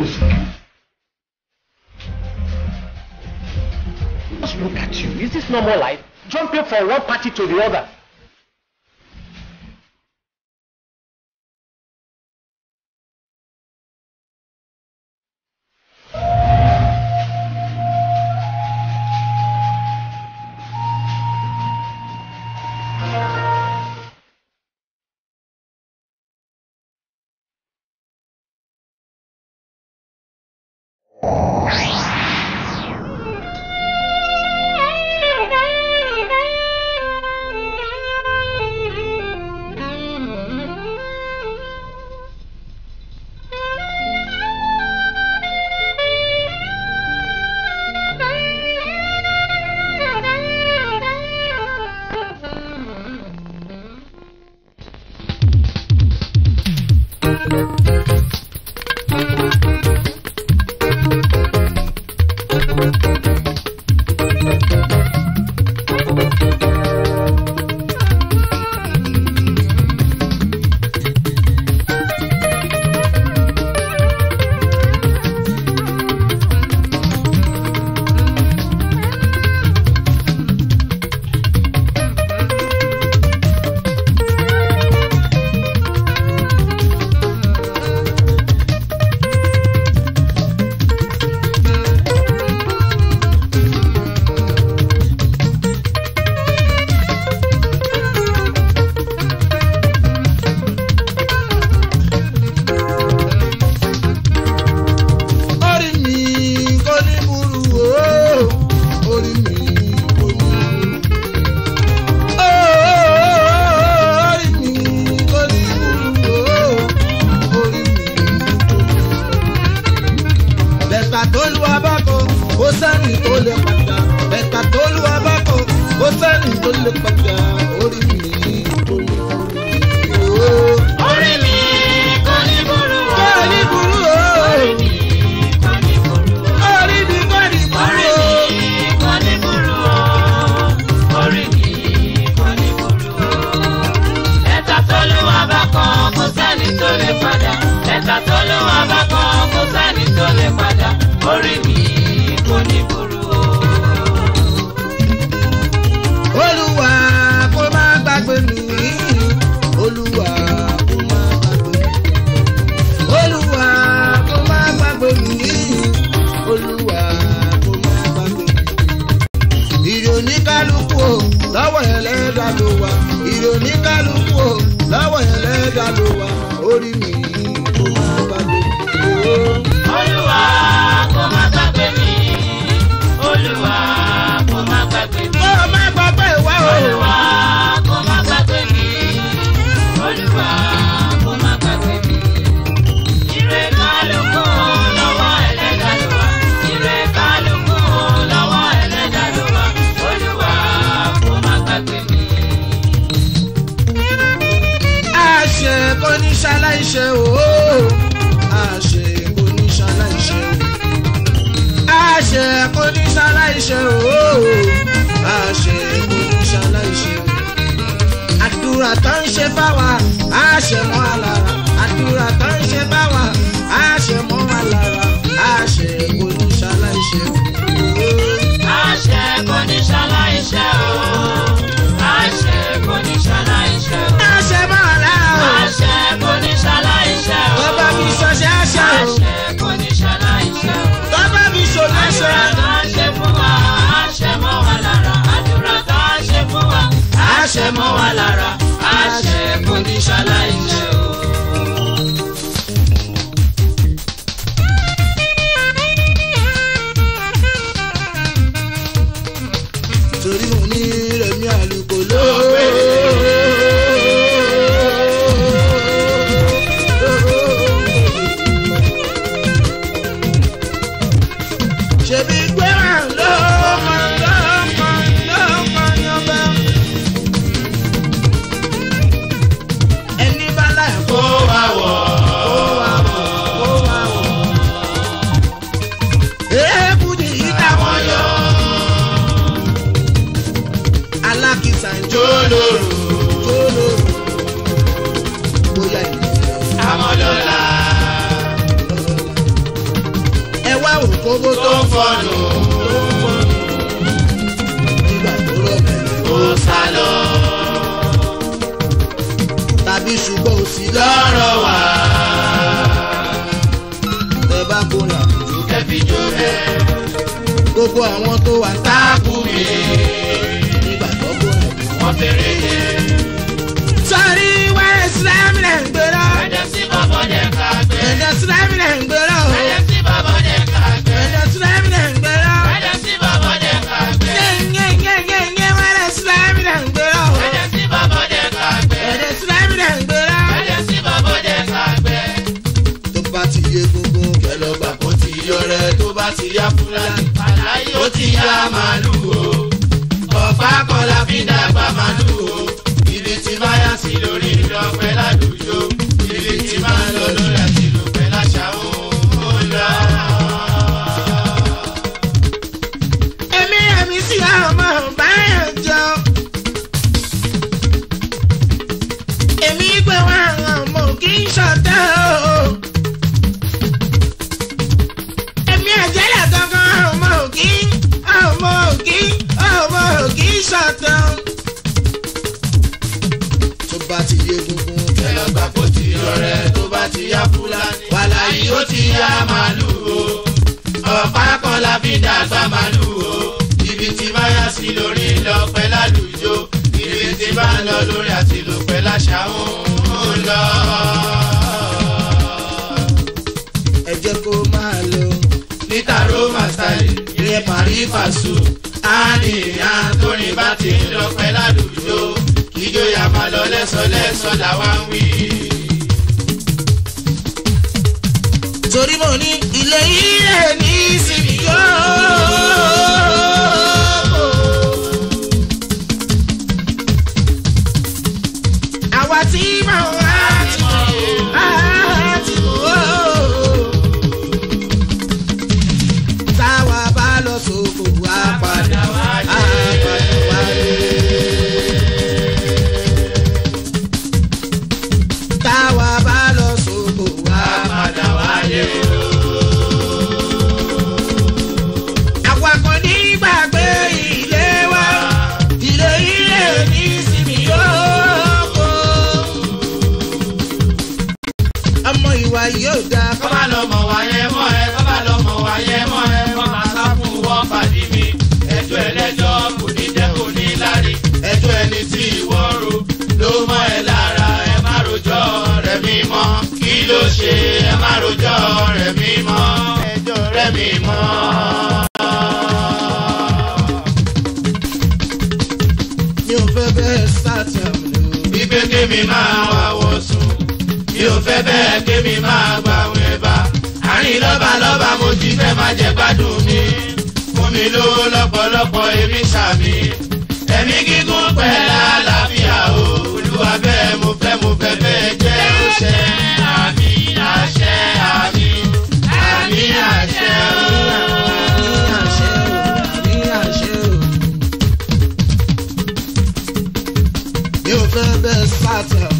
girls. Just look at you. Is this normal life? Jumping from one party to the other. bá wa a ṣe mọ́ alára àdúrà tó ń ṣe bá wa á ṣe mọ́ alára á ṣe oníṣàláìṣe. á ṣe oníṣàláìṣe o á ṣe oníṣàláìṣe o. á ṣe mọ́ alára o. á ṣe oníṣàláìṣe o. bàbá mi ṣọṣẹ́ àṣà o aláṣẹ kò ní ṣaláìṣẹ o. ti ya fúlàní wàláyé ó ti ya màlúù o ọ̀pá kan la fi dàgbà màlúù o jìbìtì báyà sí lórí lọ pẹ́ ládùjọ jìbìtì bá ń lọ lórí àti lò pẹ́ láṣà ó ń lọ. ẹ jẹ́ kó máa lo. níta roma style ilé parí fàṣù á ní ìyá tó bá ti ń lọ pẹ́ ládùjọ ìjọyà máa lọ lẹ́sọ̀lẹ́sọ̀ làwa ń wí. torí mo ní ilé yìí rẹ̀ ní ìsinmi yóò. kémi máa wá wọ̀sùn mi ò fẹ́ bẹ́ẹ̀ kémi máa gbà àwọn ẹ̀bà àárín lọ́ba lọ́ba mo ti fẹ́ má jẹ́ gbádùn mi fún mi lówó lọ́pọ̀lọpọ̀ èmi sàmì ẹ̀mí gígùn pẹ̀lú àlàáfíà o olúwa bẹ́ẹ̀ mo fẹ́ mo fẹ́ bẹ́ẹ̀ jẹ́ ó ṣẹ́. tán.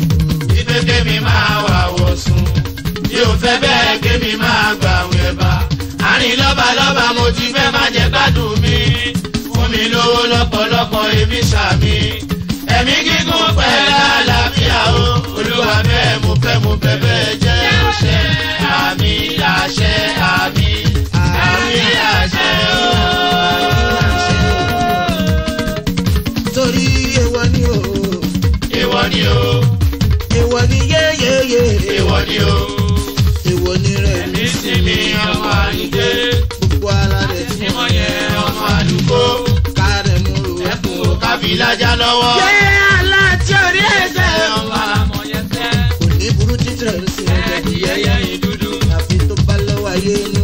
Ibi kémi máa wà wò sùn, mi ò fẹ́ bẹ́ẹ̀ kémi máa gbà wẹ̀ bá. Àárín lọ́ba lọ́ba mo ti fẹ́ má jẹ́ gbádùn mi. Fún mi lówó lọ́pọ̀lọpọ̀ èmi sàmì. Ẹ̀mí gígùn pẹ̀lú àlàáfíà o, olúwa bẹ́ẹ̀ mo fẹ́ mo fẹ́ bẹ́ẹ̀ jẹ́ òṣè. Àmì àṣẹ àmì. ni o. èwo ni rẹ̀. ẹ̀mí sinmi ọmọ àyíké. gbogbo ara rẹ̀ ti mọ̀ yẹn ọmọ àdúgbò. ká rẹ̀ mú ro. ẹkùn ò kábí lájà lọ́wọ́. yẹ́yẹ́ aláàtí orí ẹ̀sẹ̀. ọmọ àmọ̀yẹsẹ̀. kò ní burú títẹ̀ ń sin ẹ̀ẹ́dì yẹ́yẹ́ ìdúdú. àfi tó bá lọ́wọ́ ayé ni.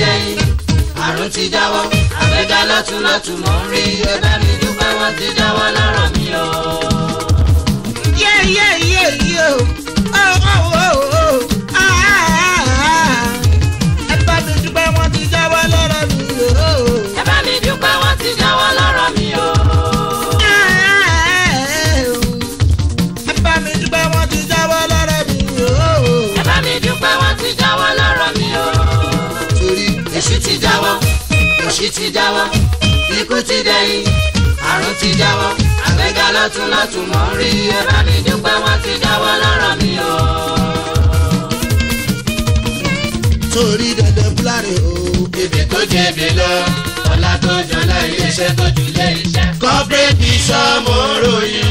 dẹ́yìn àrùn ti jáwọ́ àgbéga lọ́tún lọ́tún mò ń rí ẹ bá mi dúpẹ́ wọ́n ti jáwọ́ lára mi o. yẹ́ẹ̀yẹ́ẹ̀yẹ́ yìí o. ti jáwọ́ ikú ti dẹ̀yìn àrùn ti jáwọ́ àgbéga lọ́tún lọ́tún mọ̀ ń rí ẹ̀rọ mi dúpẹ́ wọ́n ti jáwọ́ lọ́rọ̀ mi o. torí dandan fúlàní o. ibi tó jẹ́ ibi lọ ọ̀la tó jọlá iléeṣẹ́ tó jùlé iṣẹ́. kọ́pẹ́tì sọ́mọ ròyìn.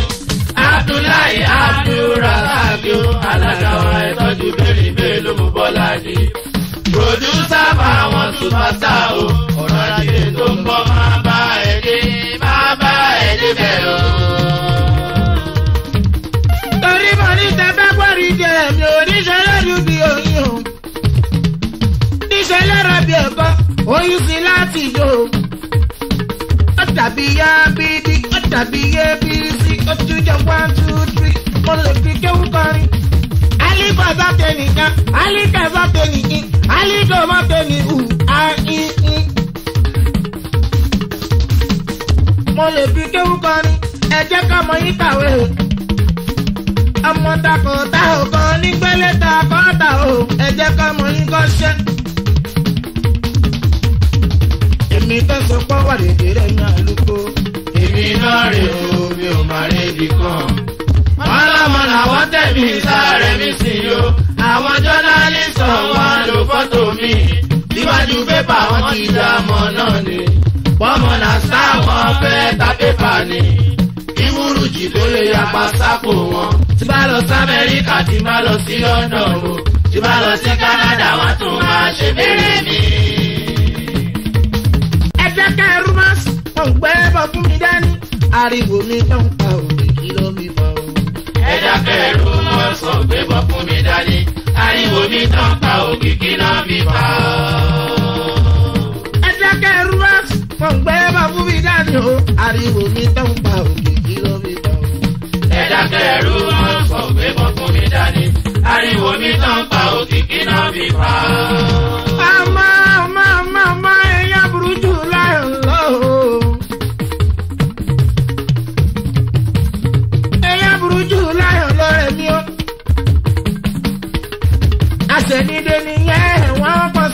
Abdullahi Abdulrahman alága wa ẹ̀ tọ́jú bẹ́ẹ̀ ni bẹ́ẹ̀ ló mú bọ́lá ní. Producer, bá wọn superstar o. Ọ̀rọ̀ àdìrẹ tó ń bọ̀ máa bá ẹ dé máa bá ẹ dé bẹ̀ o. Torí mo ní tẹ́fẹ́ pọ̀rí jẹ mi ò ní ṣe lẹ́nu bí oyin o. Níṣẹ́ lẹ́ra bí ẹ̀kọ́, oyún sí láti yó. Ó tàbí yá bídí, ó tàbí yé bírísí, ó tún jẹ one two three, mo lè fi kéwú kọrin bàtà tẹ̀lé kan alíkà bá tẹ̀lé in alíkà má tẹ̀lé u a in mo lè fi kéwú kọrin ẹ jẹ́ ká mọ yín kàwé o. ọmọ takò tá ò kan nígbẹ́lẹ́ ta kọ́ ta o ẹ jẹ́ ká mọ yín kọ́ ṣẹ́. èmi tẹ̀sán pọ́wọ́ lè dé rẹ̀ ní àlùkò. èmi náà rè o mi ò má rè kàn wọ́n lọ́mọ làwọn tẹ̀mí sáré mi sí yo àwọn jọ́nálìsì wọn lo fọ́tò mi síwájú pépà wọn ti dá ọmọ náà ni bọ́mọ náà sáwọn fẹ́ ta pépà ni ìwúrùjì tó lè yapa sápò wọn tí bá lọ sí Amẹ́ríkà tí bá lọ sí London o tí bá lọ sí Canada wọn tún máa ṣe bèrè mi. ẹ jẹ́ ká ẹrú máa ń gbẹ́ bọ́ fún mi dání ariwo mi ló ń pa òun dákẹ́ ẹ̀rú mọ́ sọ pé bọ́ fún mi dání ariwo mi tán pa òkìkí náà mi pa ọ́. ẹ dákẹ́ ẹ̀rú mọ́ sọ pé bọ́ fún mi dání o ariwo mi tán pa òkìkí náà mi pa ọ́. ẹ dákẹ́ ẹ̀rú sọ pé bọ́ fún mi dání ariwo mi tán pa òkìkí náà mi pa ọ́. àmọ́ àmọ́ àmọ́ àmọ́.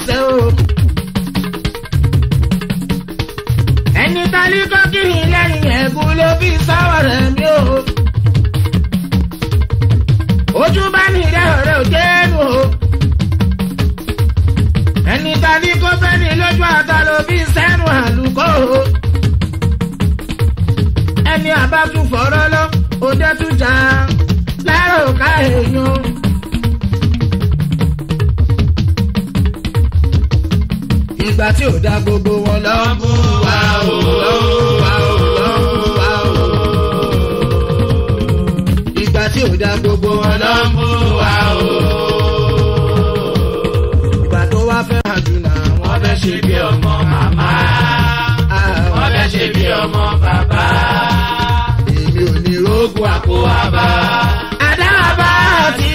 ṣe o. ẹni tálí kọ́kìrì lẹ́yìn ẹ̀bùn ló fi sọ́wọ́ rẹ̀ mí o. ojú bá mi rẹ̀ ọ̀rẹ́ òjé nù o. ẹni tálí kó fẹ́ mi lójú àtọ́ ló fi sẹ́nu àlùkò o. ẹni àbá tún fọ̀rọ̀ lọ òde tún jà láàárọ̀ ká èèyàn. ìgbà tí ò dá gbogbo wọn lọ. wa o wa o wa o. ìgbà tí ò dá gbogbo wọn lọ. bú wa o. ìgbà tó wá fẹ́ràn jù náà. wọ́n fẹ́ ṣe bí ọmọ màmá. Ah, wọ́n fẹ́ ṣe bí ọmọ bàbá. èmi ò ní rògùn àpò àbá. àdáwà bá àti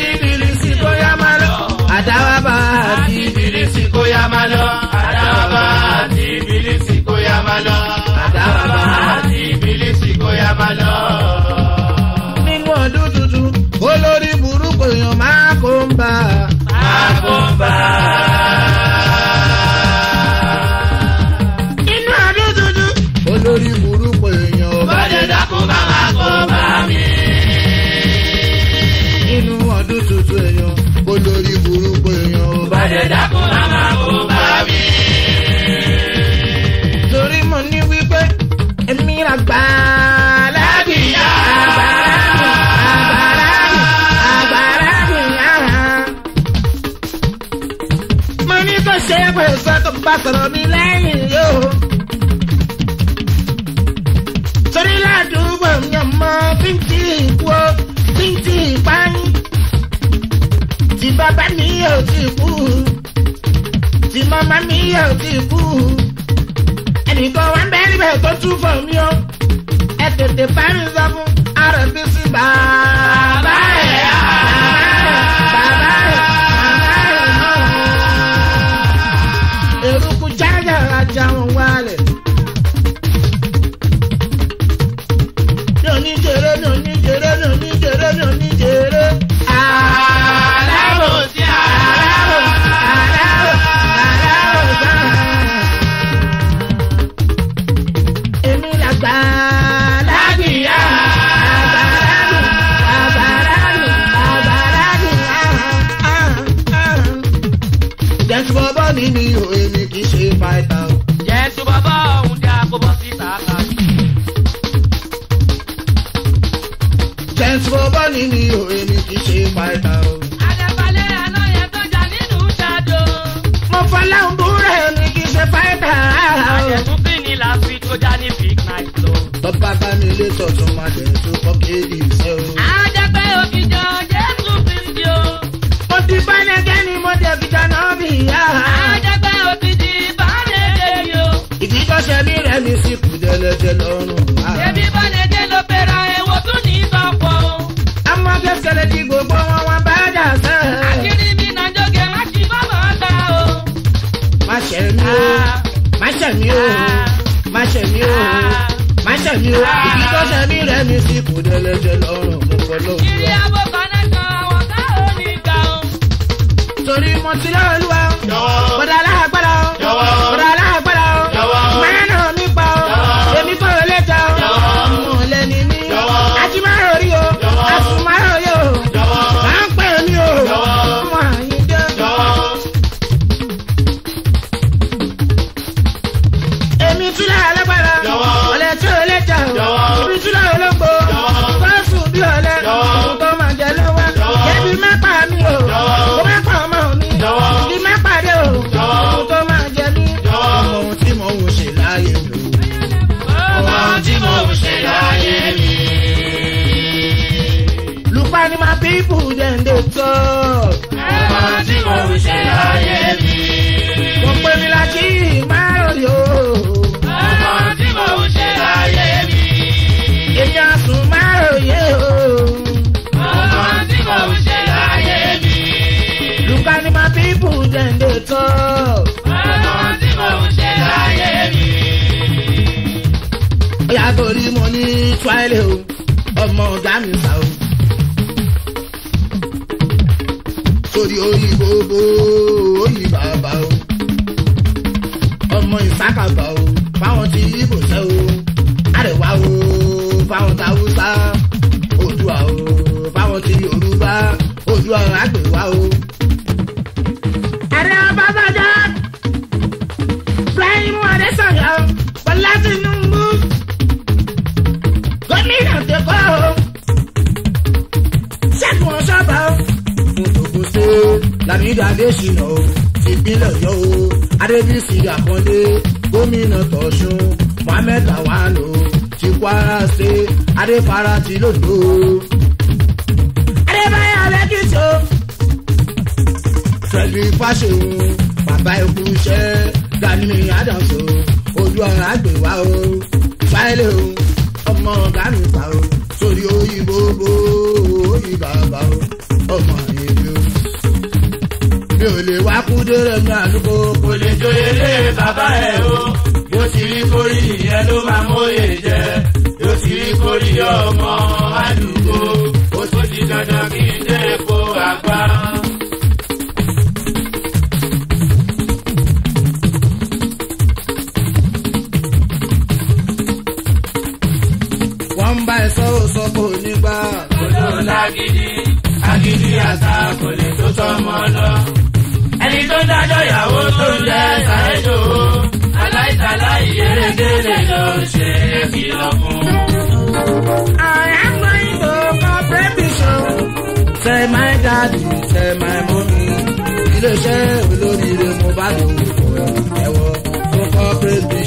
sí kóyá lọ. àdáwà bá àti sí kóyá lọ bahati bilisi ko ya ma lọ. àdàbà bahati ibilisi kó yá ma lọ. nínú ọdún tuntun olórí burúkú èèyàn máa kó ń bá. máa kó ń bá. bá sọ̀rọ̀ mi lẹ́yìn yóò. torí ládùúgbò yàn mọ́ bíntì ìkú bíntì ìpáyín. tí bàbá mi yóò ti kú tí màmá mi yóò ti kú. ẹnìkan wá ń bẹ́ níbẹ̀ tó tún fọ̀ mí o. ẹ tètè bá mi sọ fún rbc báà. kọjá ní big night club. tọ́pá bámilé tọ̀tún máa dẹ̀ tó ọ́kẹ́lì ṣe o. àjẹpẹ́ òkìjọ jésù kristi o. mo ti pẹ́lẹ́gẹ́ ni mo dẹ̀ fi dáná bí ìyá. àjẹpẹ́ òkìjì bàálẹ̀ lèyí o. ìdíjọ́sẹ̀ mi rẹ̀ mi sì kú jẹlẹjẹ lọ́rùn. ẹbí bàlẹ̀jẹ̀ ló bẹ̀rẹ̀ ẹ̀wò tún ní ìbọ̀pọ̀ o. àmọ́ kẹsẹ̀lẹ̀ di gbogbo wọn wọn bá dà sẹ́. àkíní mi nà jókè má ṣe bọ́ bọ́ ta o. má ṣe mi o ah. má ṣe mi o. Ah má ṣe mí o ah. má ṣe mí o ìdí ah. tó ṣe mí rẹ̀ mi sí kò dẹ́lẹ́jẹ lọ́rùn mo kọ́ lóòótọ́. ìrìn àbò kọ́nà kan àwọn ká ò ní gbà ó. torí mo ti lọ́ọ́ lù ọ́ bọ́dà aláàgbà. ní tuwálé o ọmọ ọ̀gá mi sá o. sórí òyìnbó bó òyìnbá bá o ọmọ ìsákàbà o fáwọn ti ibo sẹ́ o àrẹ̀wá o fáwọn ta haúsá oòdùà o fáwọn ti yorùbá oòdùà àgbèwá o. adésínà o ìpínlẹ̀ ọ̀yọ́ o adébísí àkọ́dé gómìnà tọ̀sùn mohammed lawan o ti kwara ṣe adéfara ti lòdò. adébáyọ̀ lẹ́kìtì o fẹ̀lú fáṣọ̀hún bàbá ikú iṣẹ́ gani adams o ojú ọ̀rọ̀ àgbèwá o fáìlì o ọmọ ọ̀gá o sórí oyinbo bo oyin bàbá o ọmọ ò lè wá kúndéré ní àlùkò. kò lè joyè lé bàbá ẹ̀ o yóò ti rí kórì ìyẹn ló máa mọ́yè jẹ yóò ti rí kórì ọmọ àlùkò ó tó di dandan kí n dé epo àgbá. wọ́n ń bá ẹ sọ́wọ́ sọ́kò nígbà. kò lóun lágídí agídí àṣà tó tọ́ ọmọ lọ tó dájọ́ ìyàwó tó ń jẹ́ ṣàìdò aláìsàlá ìyẹ́rẹ́gẹ́lẹ́ ló ń ṣe é fi lọ I am going to competition. Tell my daddy, tell my mommy. Ilé iṣẹ́ olóríire mo bá lò wò ẹ̀wọ̀ tó kọ́ pépé.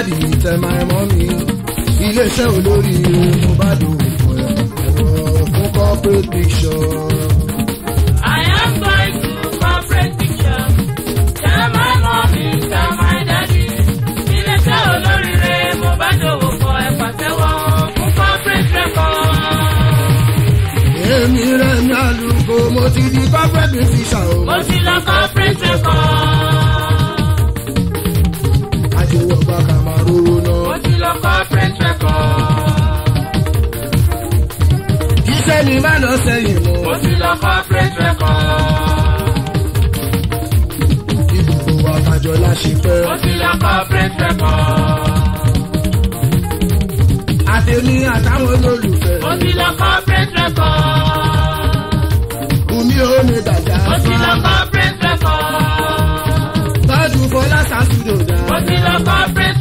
Mohbad tẹ my mommy iléeṣẹ́ olórí Mohbad fún corporate picture. I am going to corporate picture tẹ my mommy tẹ my daddy iléeṣẹ́ olórí rẹ Mohbad òwòkọ ẹ pàtẹ́wọ́ fún corporate record. èmi rẹ̀ ní àlùkò mo ti di corporate picture o. mo ti lọ corporate record. tẹ́ni má lọ sẹ́yìn mọ́. mo ti lọ fọ́ freight record. ibùdó wa kájọ láṣẹ pẹ́. mo ti lọ fọ́ freight record. àtẹ̀mí àtàwọn olólùfẹ́. mo ti lọ fọ́ freight record. bùnmi ò ní bàjá. mo ti lọ fọ́ freight record. tọ́jú fọlá sàtúndò dá. mo ti lọ fọ́ freight record.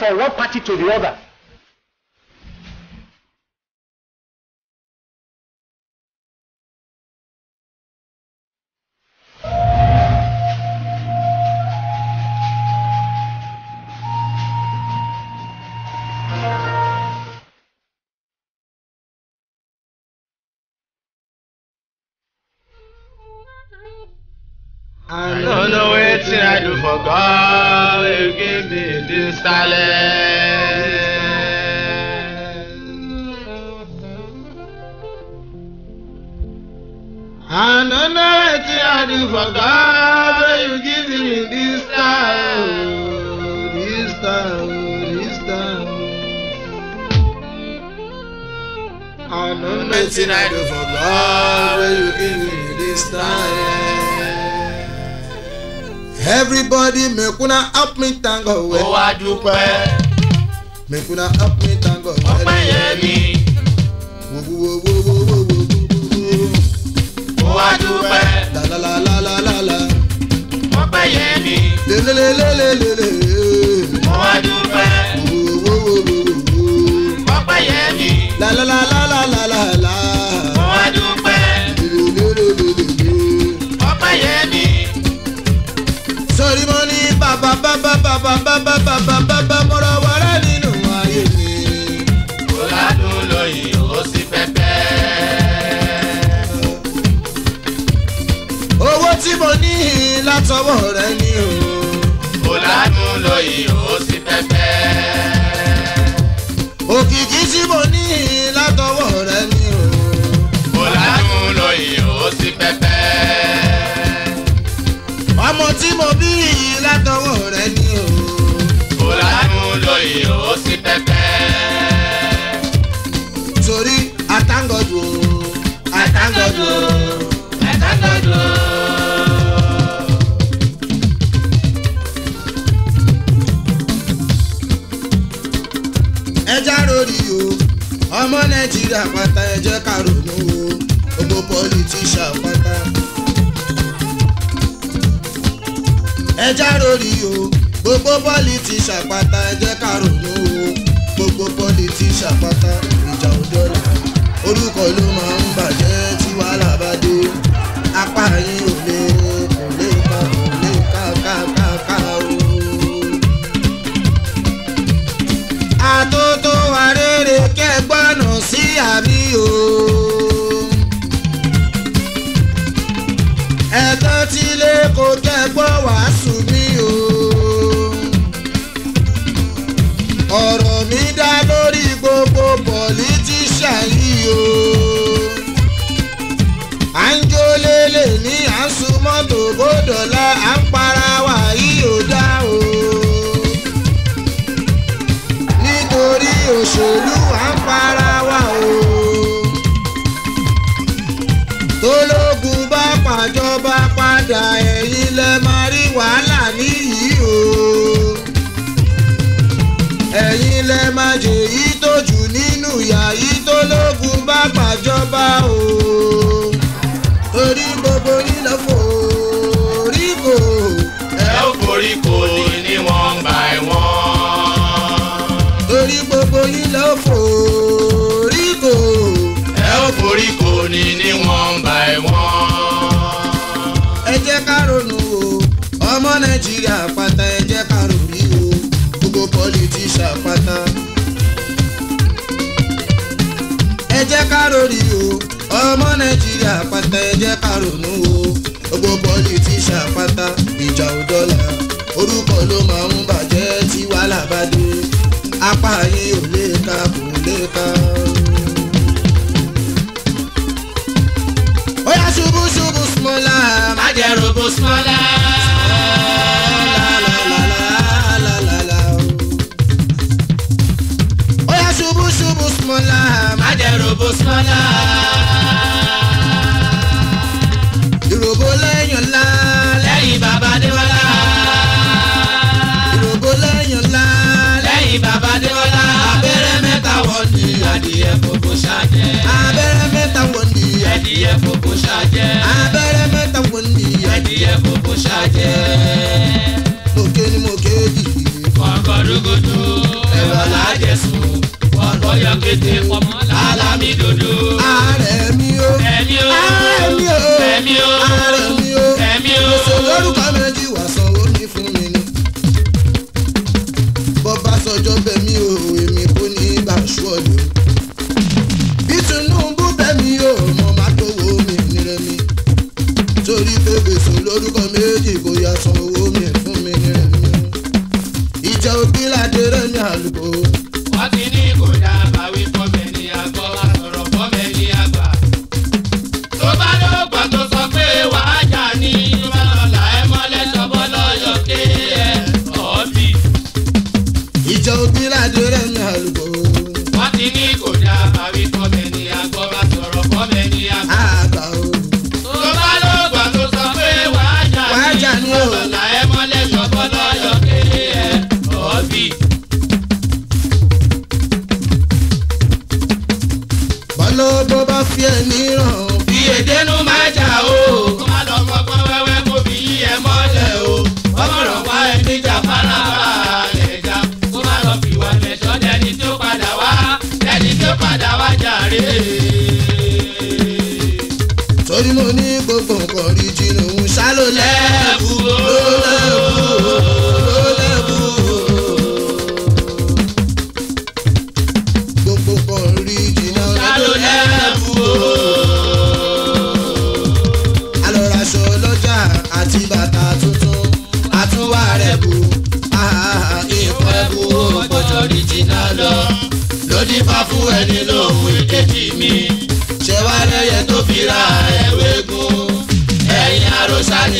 from one party to the other. I don't know what I do for God sísàlẹ̀. àná náà ti àdìfọ̀gá bẹ́ẹ̀ yóò you give me this time this time this time. àná náà ti àdìfọ̀gá bẹ́ẹ̀ yóò you give me this time everybody make una help me thank God. ó oh, wá dúpẹ́. make una help me thank God. ọpẹ́ yẹn ni. bàbàbàbàbàbà mọ̀rọ̀ wàrà nínú ayé mi. ọ̀làdùn lóyìn ó sì pẹ́pẹ́. owó tí mo ní látọwọ́ rẹ o. ọ̀làdùn lóyìn ó sì pẹ́pẹ́. òkìkí tí mo ní látọwọ́ o. ọ̀làdùn lóyìn ó sì pẹ́pẹ́. ọmọ tí mo látọwọ́. àpáta ẹ jẹ́ ká ronú o gbogbo pọlitíṣà àpáta. ẹ já rori o gbogbo pọlitíṣà àpáta ẹ jẹ́ ká ronú o gbogbo pọlitíṣà àpáta ìjà òjọ́lá orúkọ ló máa ń bàjẹ́ tí wàhálà bá dé apá yín o. dọ̀la à ń para wa yìí ò dá o. nítorí òṣèlú à ń para wa o. tológun bá pàjọba padà ẹ̀yin lẹ máa rí wàhálà níyì o. ẹ̀yin lẹ máa jèyí tó jù nínú ìyà yìí tológun bá pàjọba o. nàìjíríà fata ẹ jẹ́ ká rò bí o gbogbo pọlitíṣà pátá. ẹ jẹ́ ká rori o ọmọ nàìjíríà pátá ẹ jẹ́ ká ronú o gbogbo pọlitíṣà pátá ìjà ò dọ́là orúkọ ló máa ń bàjẹ́ tí wàhálà bá dé apá yìí ò lè ka kò lè ka. ó yá ṣubú ṣubú smola má jẹ́ robo smola. tètè pọ̀ mọ́ lálámídòdò. ààrẹ mi o ẹ̀mí o ẹ̀mí o ẹ̀mí o. fi èmi ràn. Fi èdè náà.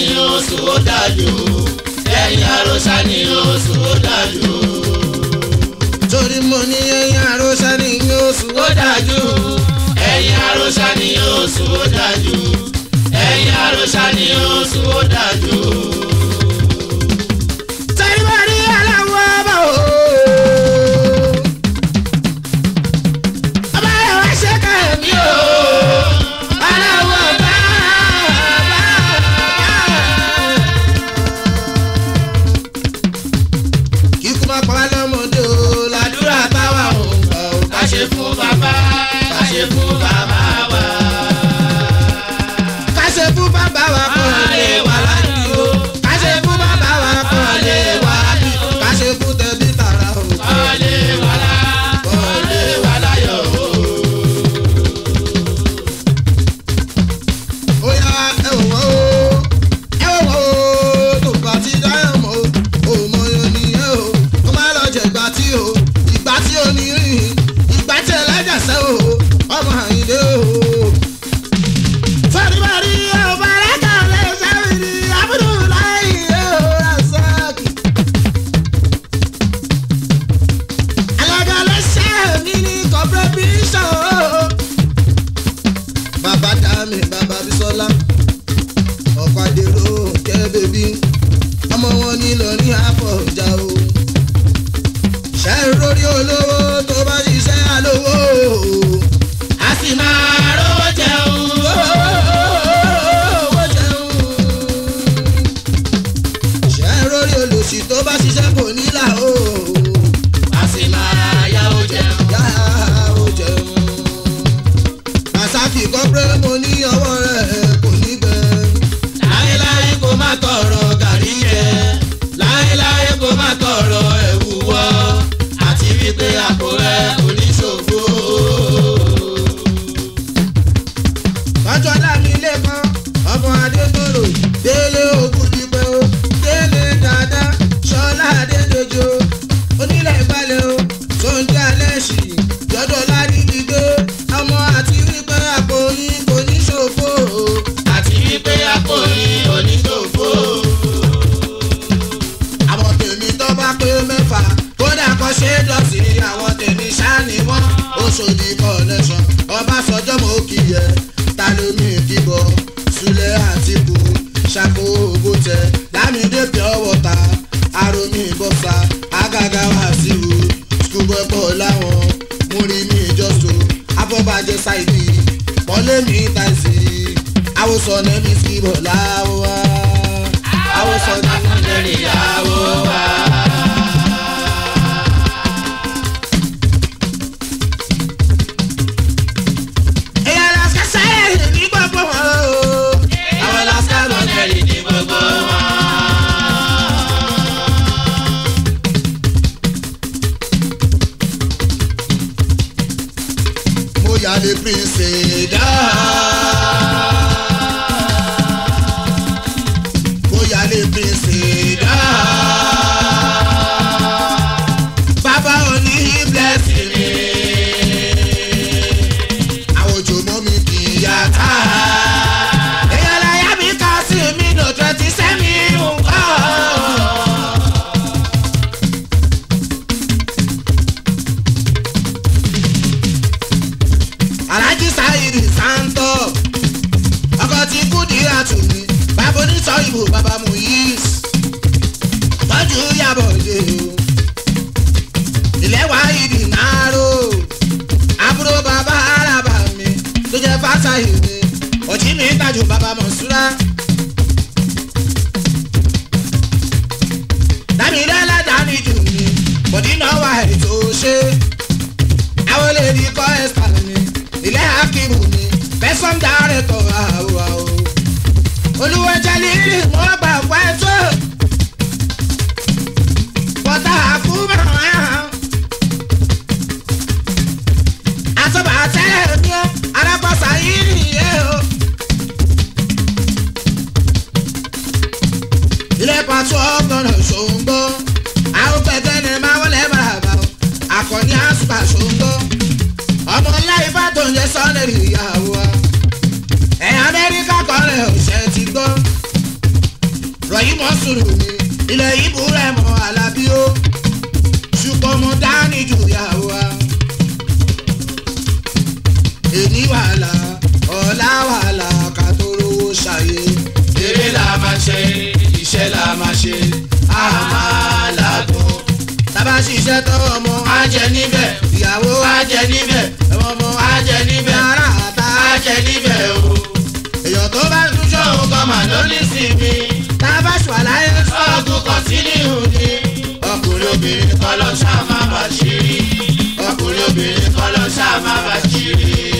ni oṣù ó dájú ẹ̀yìn àròsà ni oṣù ó dájú. torí mo ní ẹ̀yìn àròsà ni oṣù ó dájú ẹ̀yìn àròsà ni oṣù ó dájú ẹ̀yìn àròsà ni oṣù ó dájú. Ọlábọ̀dé o ìlẹ́wà ìdì náàró àbúrò bàbá àràbà mi tó jẹ́ fásá ìwé ọ̀jí mi tajú bàbá Mọ̀súrà. dámidẹ́lá dání jù mí bọ̀dí náà wà ètò ṣe àwọn olè ní kọ́ ẹ̀sà mi ilé hakimu mi fẹsán dárẹ̀ tọ̀ àwọ̀ àwọ̀ olùwọ̀jẹ̀ lílì mọ́ bàbá ẹ̀ tó. nìyẹn o. ilé pàtó ọgbọ̀nà ṣòǹgbó àwọn pẹ̀tẹ́ ni máa wọlé bàbá o àkọ́ni àṣùpà ṣòǹgbó ọmọ ńlá ifá tó ń jẹ sọ́nẹ̀rì ìyàwó wa ẹ̀ amẹ́ríkà kọ́lẹ̀ ọ̀sẹ̀ ti gbọ́ rọ̀yìn mọ́ sùúrù mi ilẹ̀ ìbú rẹ̀ mọ́ alábí o ṣùgbọ́n mo dání ju ìyàwó wa èní wàhálà dá wàhálà ká tó rówó ṣayé. eré la máa ṣe iṣẹ́ la máa ṣe a máa làágùn. tábà ṣiṣẹ́ tó ọmọ á jẹ níbẹ̀ ìyàwó á jẹ níbẹ̀ ọmọ á jẹ níbẹ̀ ará àtà á jẹ níbẹ̀ o. èèyàn tó bá ń túṣọ́ òun mà ló ní sinmi. tábà ṣùwàláyé sọ́ọ̀gù kan sí ní òde. ọkùnrin obìnrin kọ́ ló ṣáà má bàa ṣírí ọkùnrin obìnrin kọ́ ló ṣáà má bàa ṣírí.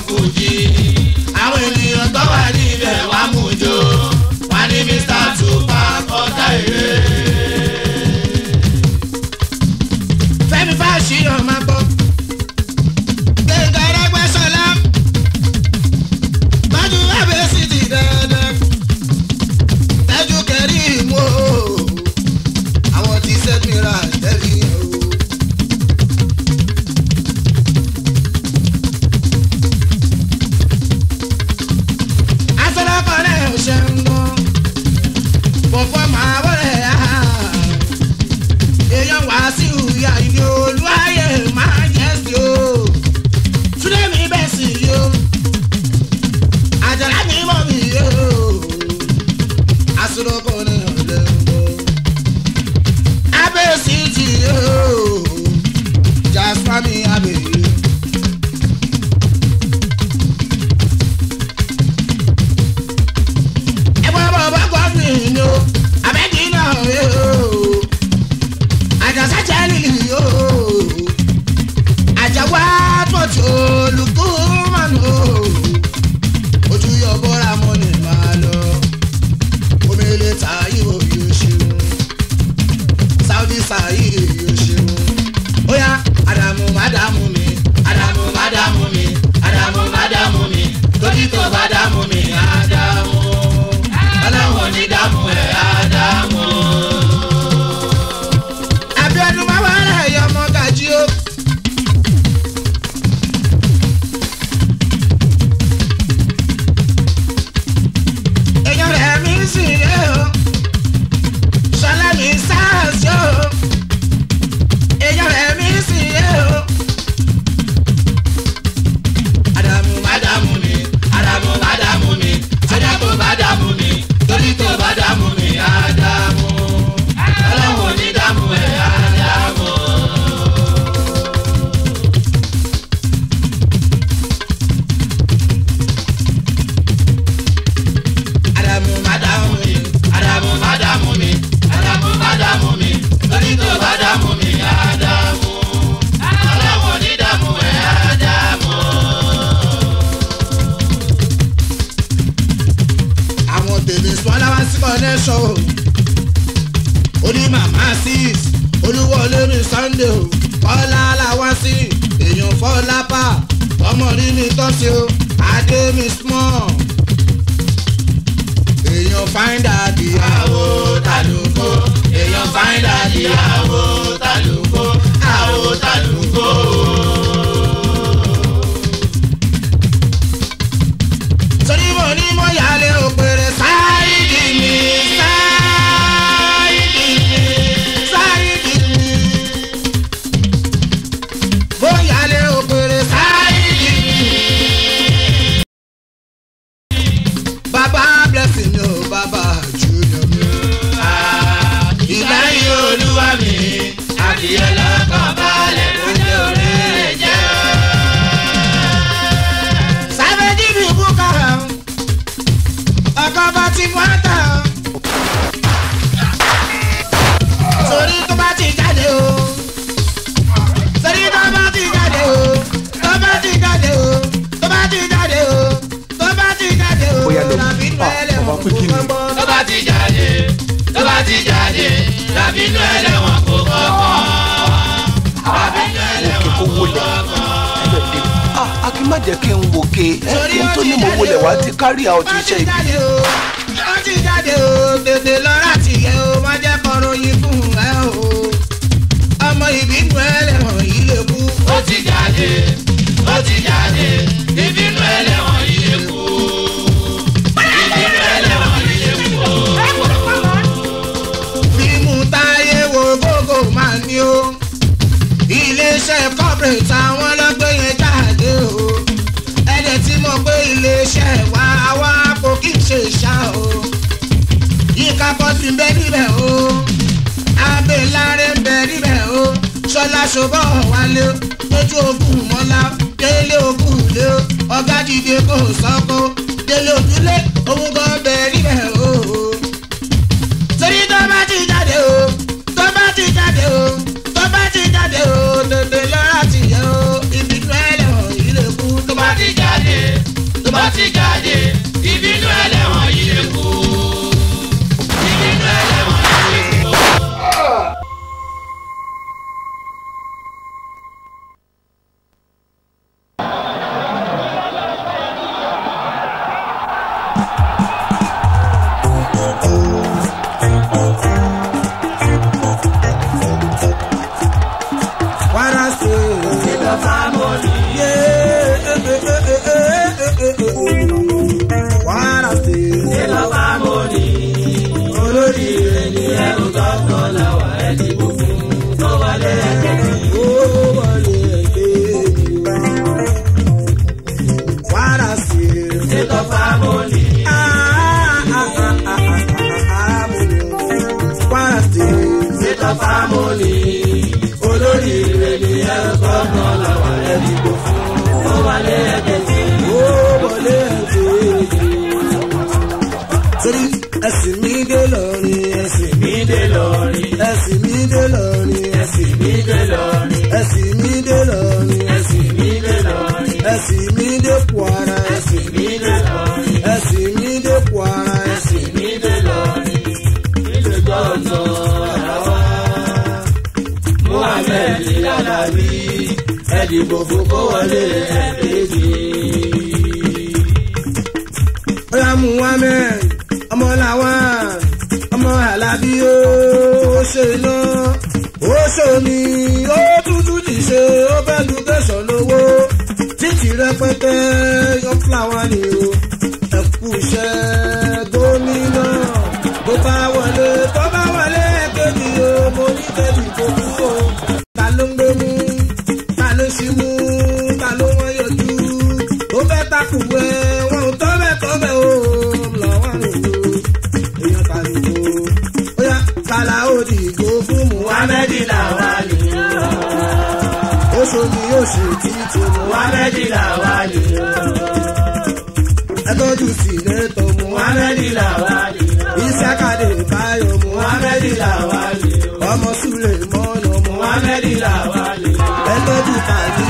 fojì. Baba, blessing o oh, Baba. ti jáde tàbí inú ẹlẹ́wọ̀n kò kọ́kọ́ tàbí inú ẹlẹ́wọ̀n kò kọ́kọ́. Ah, Akin má jẹ́ kí n wòkè ẹ̀ kí n tó ní mo wọlé wá ti kárí àwọn iṣẹ́ ibi. Ó ti jáde o, dèdè lọ́ra ti yẹ o, má jẹ́ kọ́rọ̀ yín fún ẹ o. Ọmọ ìbínú ẹlẹ́wọ̀n yìí lè kú. Ó ti jáde, ó ti jáde, ìbínú ẹlẹ́wọ̀n. kakọ́sí ń bẹ níbẹ̀ o abẹ́láre ń bẹ níbẹ̀ o ṣọlá ṣọbọ̀ wálé tójú ogun mọ́lá délé ogun lé ọ̀gá dìde kò sọ́kó délé òdúlé òun gan bẹ níbẹ̀ o. torí tó bá ti jáde o tó bá ti jáde o tó bá ti jáde o tètè lọ́ra ti yẹ o ibi tó ẹ lọ ilé kú tó bá ti jáde tó bá ti jáde. dìbò fún kó wọlé ẹ̀ẹ́dẹ́gbẹ̀dì. ọ̀yá muhammed ọmọ làwọn ọmọ alábí ó ṣe lọ ó ṣe ní ó tútù jìṣe ó bẹ́ lu tẹ̀sán lówó títí rẹpẹtẹ yọ fúláwọn ni o ẹ kú iṣẹ́ gómìnà tó bá wọlé tó bá wọlé kejì o mo ní kejì tó làwálì o. ẹtọ́jú sínétò muhammed làwálì o. isakade bayo muhammed làwálì o. ọmọ sule mọ́nà muhammed làwálì o. ẹtọ́jú pàdé.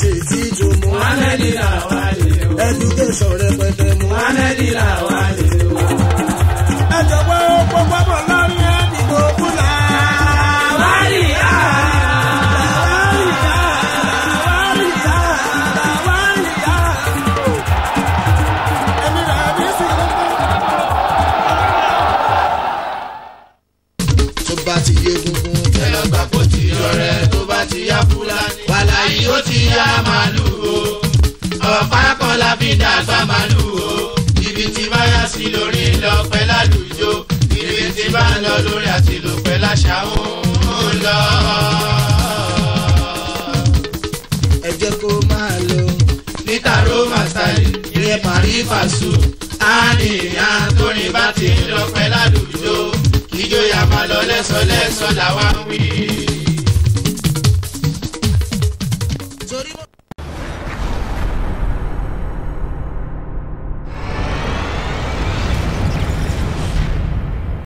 ṣe tí jò mú. Muhammed Lawal o. Education rẹpẹtẹ Muhammed Lawal. àṣà ń lọ. ẹ jẹ́ kó máa lọ. níta roma style ilé parí fàṣù áàní ìyá tórin bá ti ń lọ pẹ́ ládùúgbò ìjòyà màlọ́ lẹ́sọ̀lẹ́sọ̀ làwa wí.